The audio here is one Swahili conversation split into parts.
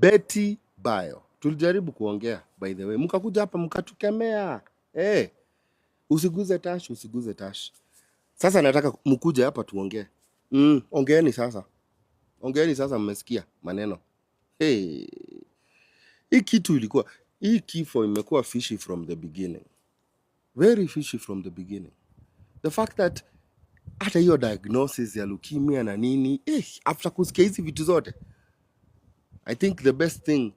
Betty Bayo, tulijaribu kuongea by the way, mkakuja hapa mkatukemea Eh. hey, usiguze tash, usiguze tash. Sasa nataka mkuje hapa tuongee. Mm, ongeeni sasa, ongeeni sasa, mmesikia maneno hey. Hii kitu ilikuwa hii kifo imekuwa fishy from the beginning, very fishy from the beginning. The fact that hata hiyo diagnosis ya leukemia na nini eh, after kusikia hizi vitu zote I think the best thing,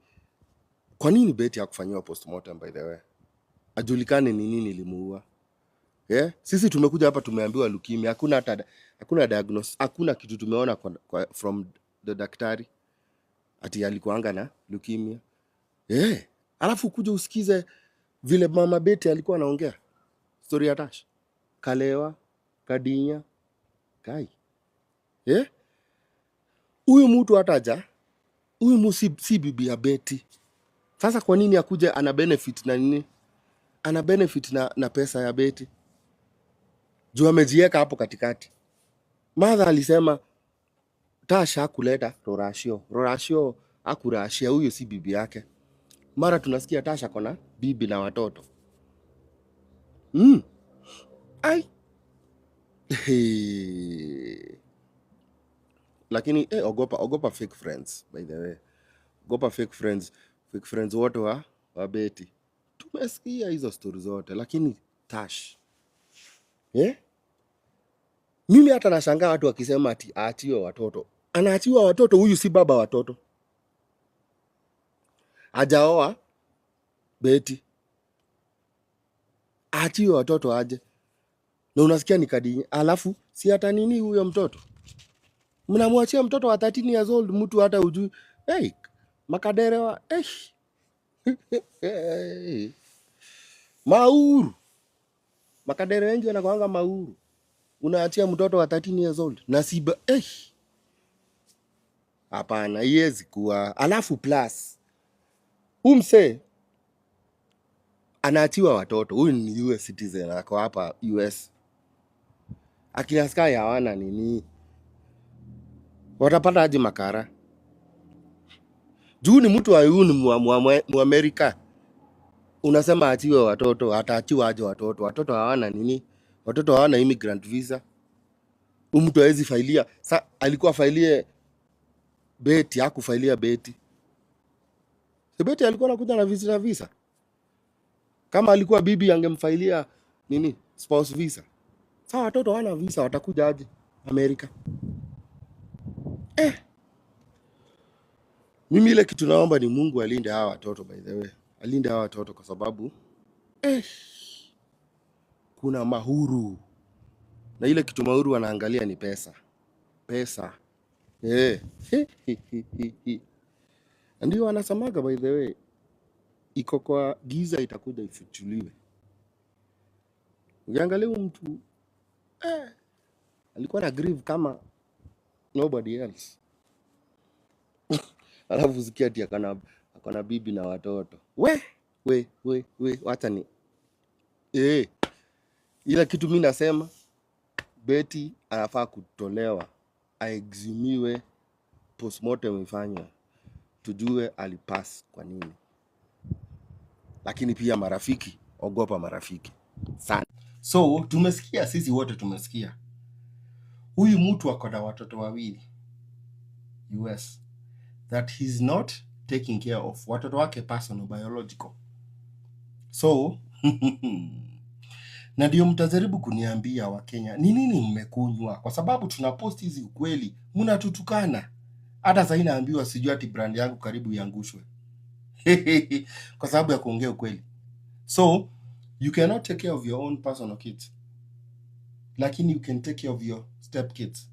kwa nini Betty hakufanyiwa postmortem by the way? Ajulikane ni nini ilimuua. Yeah? Sisi tumekuja hapa tumeambiwa leukemia, hakuna hata hakuna diagnosis, hakuna kitu tumeona kwa, kwa, from the daktari ati alikuanga na leukemia. Yeah. Alafu kuja usikize vile mama Betty alikuwa anaongea. Story ya Tash. Kalewa, kadinya, kai. Yeah? Huyu mtu hataja huyu Musi si bibi ya Beti. Sasa kwa nini akuja ana benefit na nini? Ana benefit na, na pesa ya Beti juu amejieka hapo katikati. Madha alisema Tasha akuleta Rorashio, Rorashio akurashia huyo si bibi yake. Mara tunasikia Tasha kona bibi na watoto mm. Ai. Hey lakini eh, ogopa ogopa fake friends by the way, ogopa fake friends. Fake friends wote wa wabeti tumesikia hizo stori zote, lakini Tash yeah? Mimi hata nashangaa watu wakisema ati aachiwe watoto, anaachiwa watoto. Huyu si baba watoto, ajaoa Beti, aachiwe watoto aje, na unasikia ni kadini, alafu si hata nini huyo mtoto mnamwachia mtoto wa 13 years old, mtu hata ujui. Hey, makaderewa hey. mauru makadere wengi wanakwanga mauru, unaachia mtoto wa 13 years old na siba eh, hapana, iwezi kuwa. Alafu plus umse anaachiwa watoto, huyu ni US citizen, ako hapa US. Akina Sky hawana nini watapata aje makara? Juu ni mtu ayuni mwa, mwa, mwa Amerika unasema achiwe watoto, ataachiwa aje watoto? Watoto hawana nini? Watoto hawana immigrant visa. Huyu mtu hawezi failia. Sa alikuwa failie beti, hakufailia beti. Si beti alikuwa anakuja na visitor visa. Kama alikuwa bibi angemfailia nini? Spouse visa. Sa watoto hawana visa, watakuja aje Amerika? eh. Mimi ile kitu naomba ni Mungu alinde hawa watoto, by the way, alinde hawa watoto kwa sababu eh, kuna mahuru na ile kitu mahuru wanaangalia ni pesa, pesa eh. Ndio wanasamaga by the way, iko kwa giza itakuja ifutuliwe Ukiangalia mtu eh, alikuwa na grieve kama nobody else. Alafu sikia ati akana akana bibi na watoto we we we we, wacha ni eh, ila kitu mimi nasema Beti anafaa kutolewa, aexhumiwe, postmortem ifanywe, tujue alipas kwa nini. Lakini pia marafiki, ogopa marafiki sana. So tumesikia sisi wote tumesikia huyu mtu ako na watoto wawili US that he's not taking care of watoto wake personal biological so na ndio mtajaribu kuniambia Wakenya ni nini mmekunywa, kwa sababu tuna post hizi ukweli mnatutukana. Hata sasa inaambiwa sijui ati brand yangu karibu iangushwe kwa sababu ya kuongea ukweli. So you cannot take care of your own personal kids, lakini you can take care of your step kids.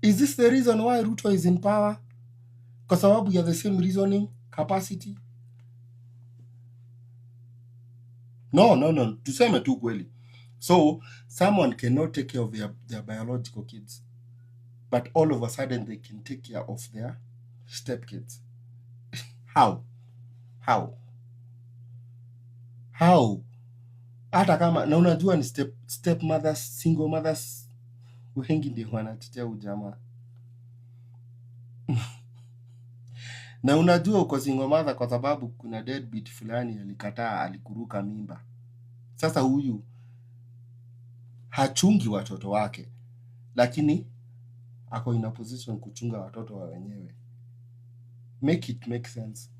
Is this the reason why Ruto is in power? Kwa sababu ya the same reasoning capacity? No, no, no. Tuseme tu kweli. So someone cannot take care of their, their biological kids, but all of a sudden they can take care of their stepkids. How? How? How? hata kama na unajua ni step, step mothers, single mothers wengi ndio wanatetea ujamaa na unajua uko single mother kwa sababu kuna deadbeat fulani alikataa, alikuruka mimba. Sasa huyu hachungi watoto wake, lakini ako in a position kuchunga watoto wa wenyewe. Make it make sense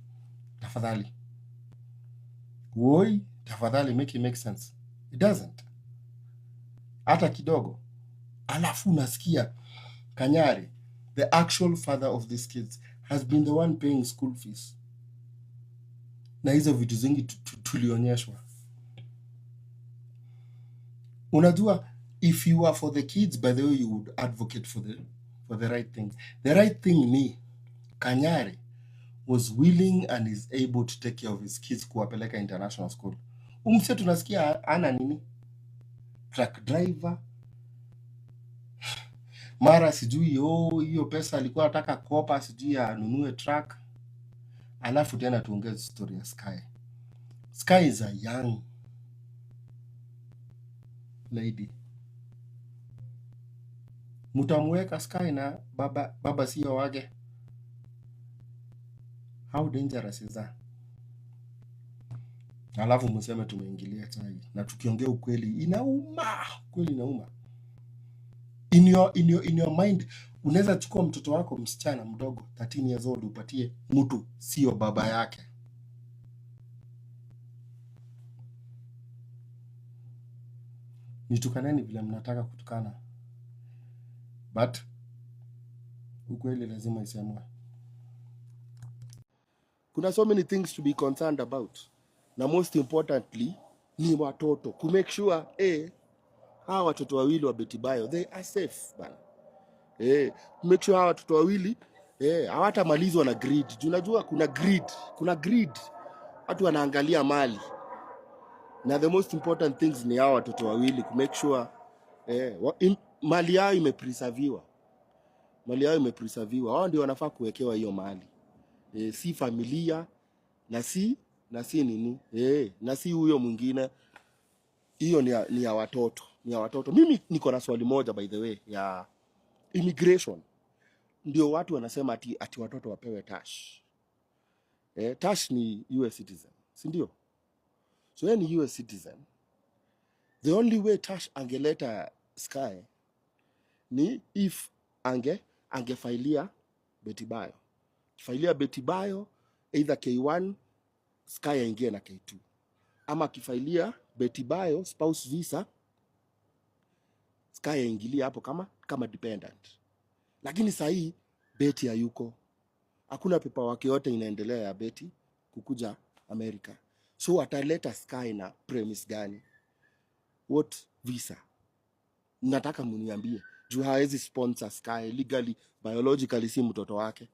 tafadhali, woi tafadhali make it make sense. It doesn't hata kidogo. Alafu unasikia Kanyari, the actual father of these kids has been the one paying school fees, na hizo vitu zingi tulionyeshwa. Unajua, if you are for the kids, by the way, you would advocate for the for the right thing. The right thing ni Kanyari was willing and is able to take care of his kids kuwapeleka international school. Umse tunasikia ana nini, truck driver mara sijui oh, hiyo pesa alikuwa anataka kopa sijui anunue truck. Alafu tena tuongeze story ya Sky. Sky is a young lady, mutamuweka Sky na baba baba sio wage. How dangerous is that? alafu mseme tumeingilia chai, na tukiongea ukweli inauma, kweli inauma. In your, in your, in your mind unaweza chukua mtoto wako msichana mdogo 13 years old upatie mtu sio baba yake. Nitukaneni vile mnataka kutukana, but ukweli lazima isemwe. Kuna so many things to be concerned about na most importantly ni watoto ku make sure eh, hawa watoto wawili wa Betty Bayo they are safe bana eh, make sure hawa watoto wawili eh, hawatamalizwa na greed. Unajua kuna greed, kuna greed, watu wanaangalia mali na the most important things ni hawa watoto wawili ku make sure eh, wa, in, mali yao imepreserviwa, mali yao imepreserviwa. Hao ndio wanafaa kuwekewa hiyo mali eh, si familia na si na si nini eh, na si huyo mwingine. Hiyo ni ya, ni ya watoto, ni ya watoto. Mimi niko na swali moja by the way ya immigration. Ndio watu wanasema ati, ati watoto wapewe tash eh, tash ni US citizen, si ndio? So yeye ni US citizen, the only way tash angeleta sky ni if ange angefailia betibayo failia betibayo either K1 Sky aingie na K2 ama akifailia Beti Bayo spouse visa Sky aingilie hapo kama kama dependent, lakini saa hii Beti hayuko, hakuna pepa wake yote inaendelea ya Beti kukuja Amerika, so ataleta Sky na premise gani? What visa? Nataka mniambie juu hawezi sponsor Sky legally biologically, si mtoto wake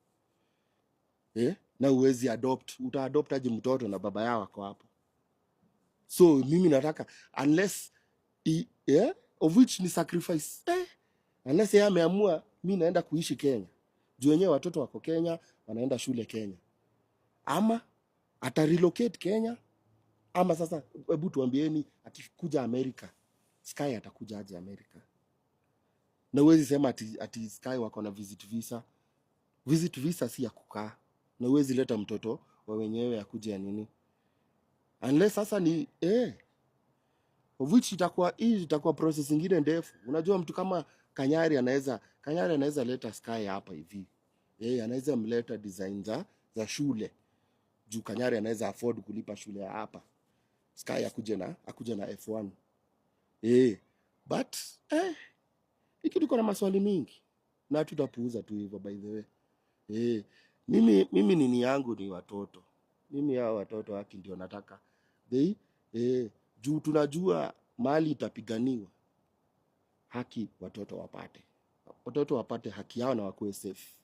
eh? na uwezi adopt, utaadopt aje mtoto na baba yao ako hapo? So mimi nataka unless i, yeah, of which ni sacrifice eh, unless yeye ameamua mi naenda kuishi Kenya juu wenyewe watoto wako Kenya wanaenda shule Kenya, ama ata relocate Kenya, ama sasa, hebu tuambieni, akikuja Amerika Sky atakuja aje Amerika? Na uwezi sema ati, ati Sky wako na visit visa. Visit visa si ya kukaa na uwezi leta mtoto wa wenyewe akuje ya nini, unless sasa ni eh, of which itakuwa hii itakuwa process nyingine ndefu. Unajua mtu kama Kanyari anaweza Kanyari anaweza leta Sky hapa hivi eh, anaweza mleta design za za shule juu Kanyari anaweza afford kulipa shule ya hapa Sky akuje na akuje na F1 eh, but eh hiki tuko na maswali mingi na tutapuuza tu hivyo by the way eh mimi, mimi nini yangu ni watoto. Mimi hao watoto haki ndio nataka they, eh, juu tunajua mali itapiganiwa, haki watoto wapate, watoto wapate haki yao na wakuwe safe.